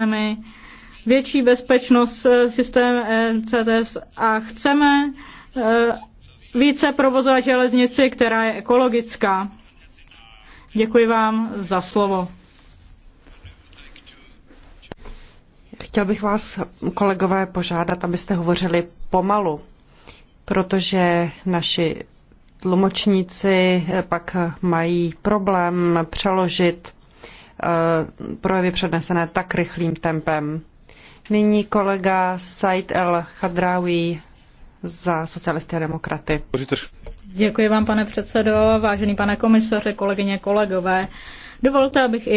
systémy, větší bezpečnost eh, systém NCTS eh, a chceme eh, více provozovat železnici, která je ekologická. Děkuji vám za slovo. Chtěl bych vás, kolegové, požádat, abyste hovořili pomalu, protože naši tlumočníci pak mají problém přeložit Eh, projevy přednesené tak rychlým tempem. Nyní kolega Said El Khadraoui za socialisty a demokraty. Děkuji vám, pane předsedo, vážený pane komisaře, kolegyně, kolegové. Dovolte, abych i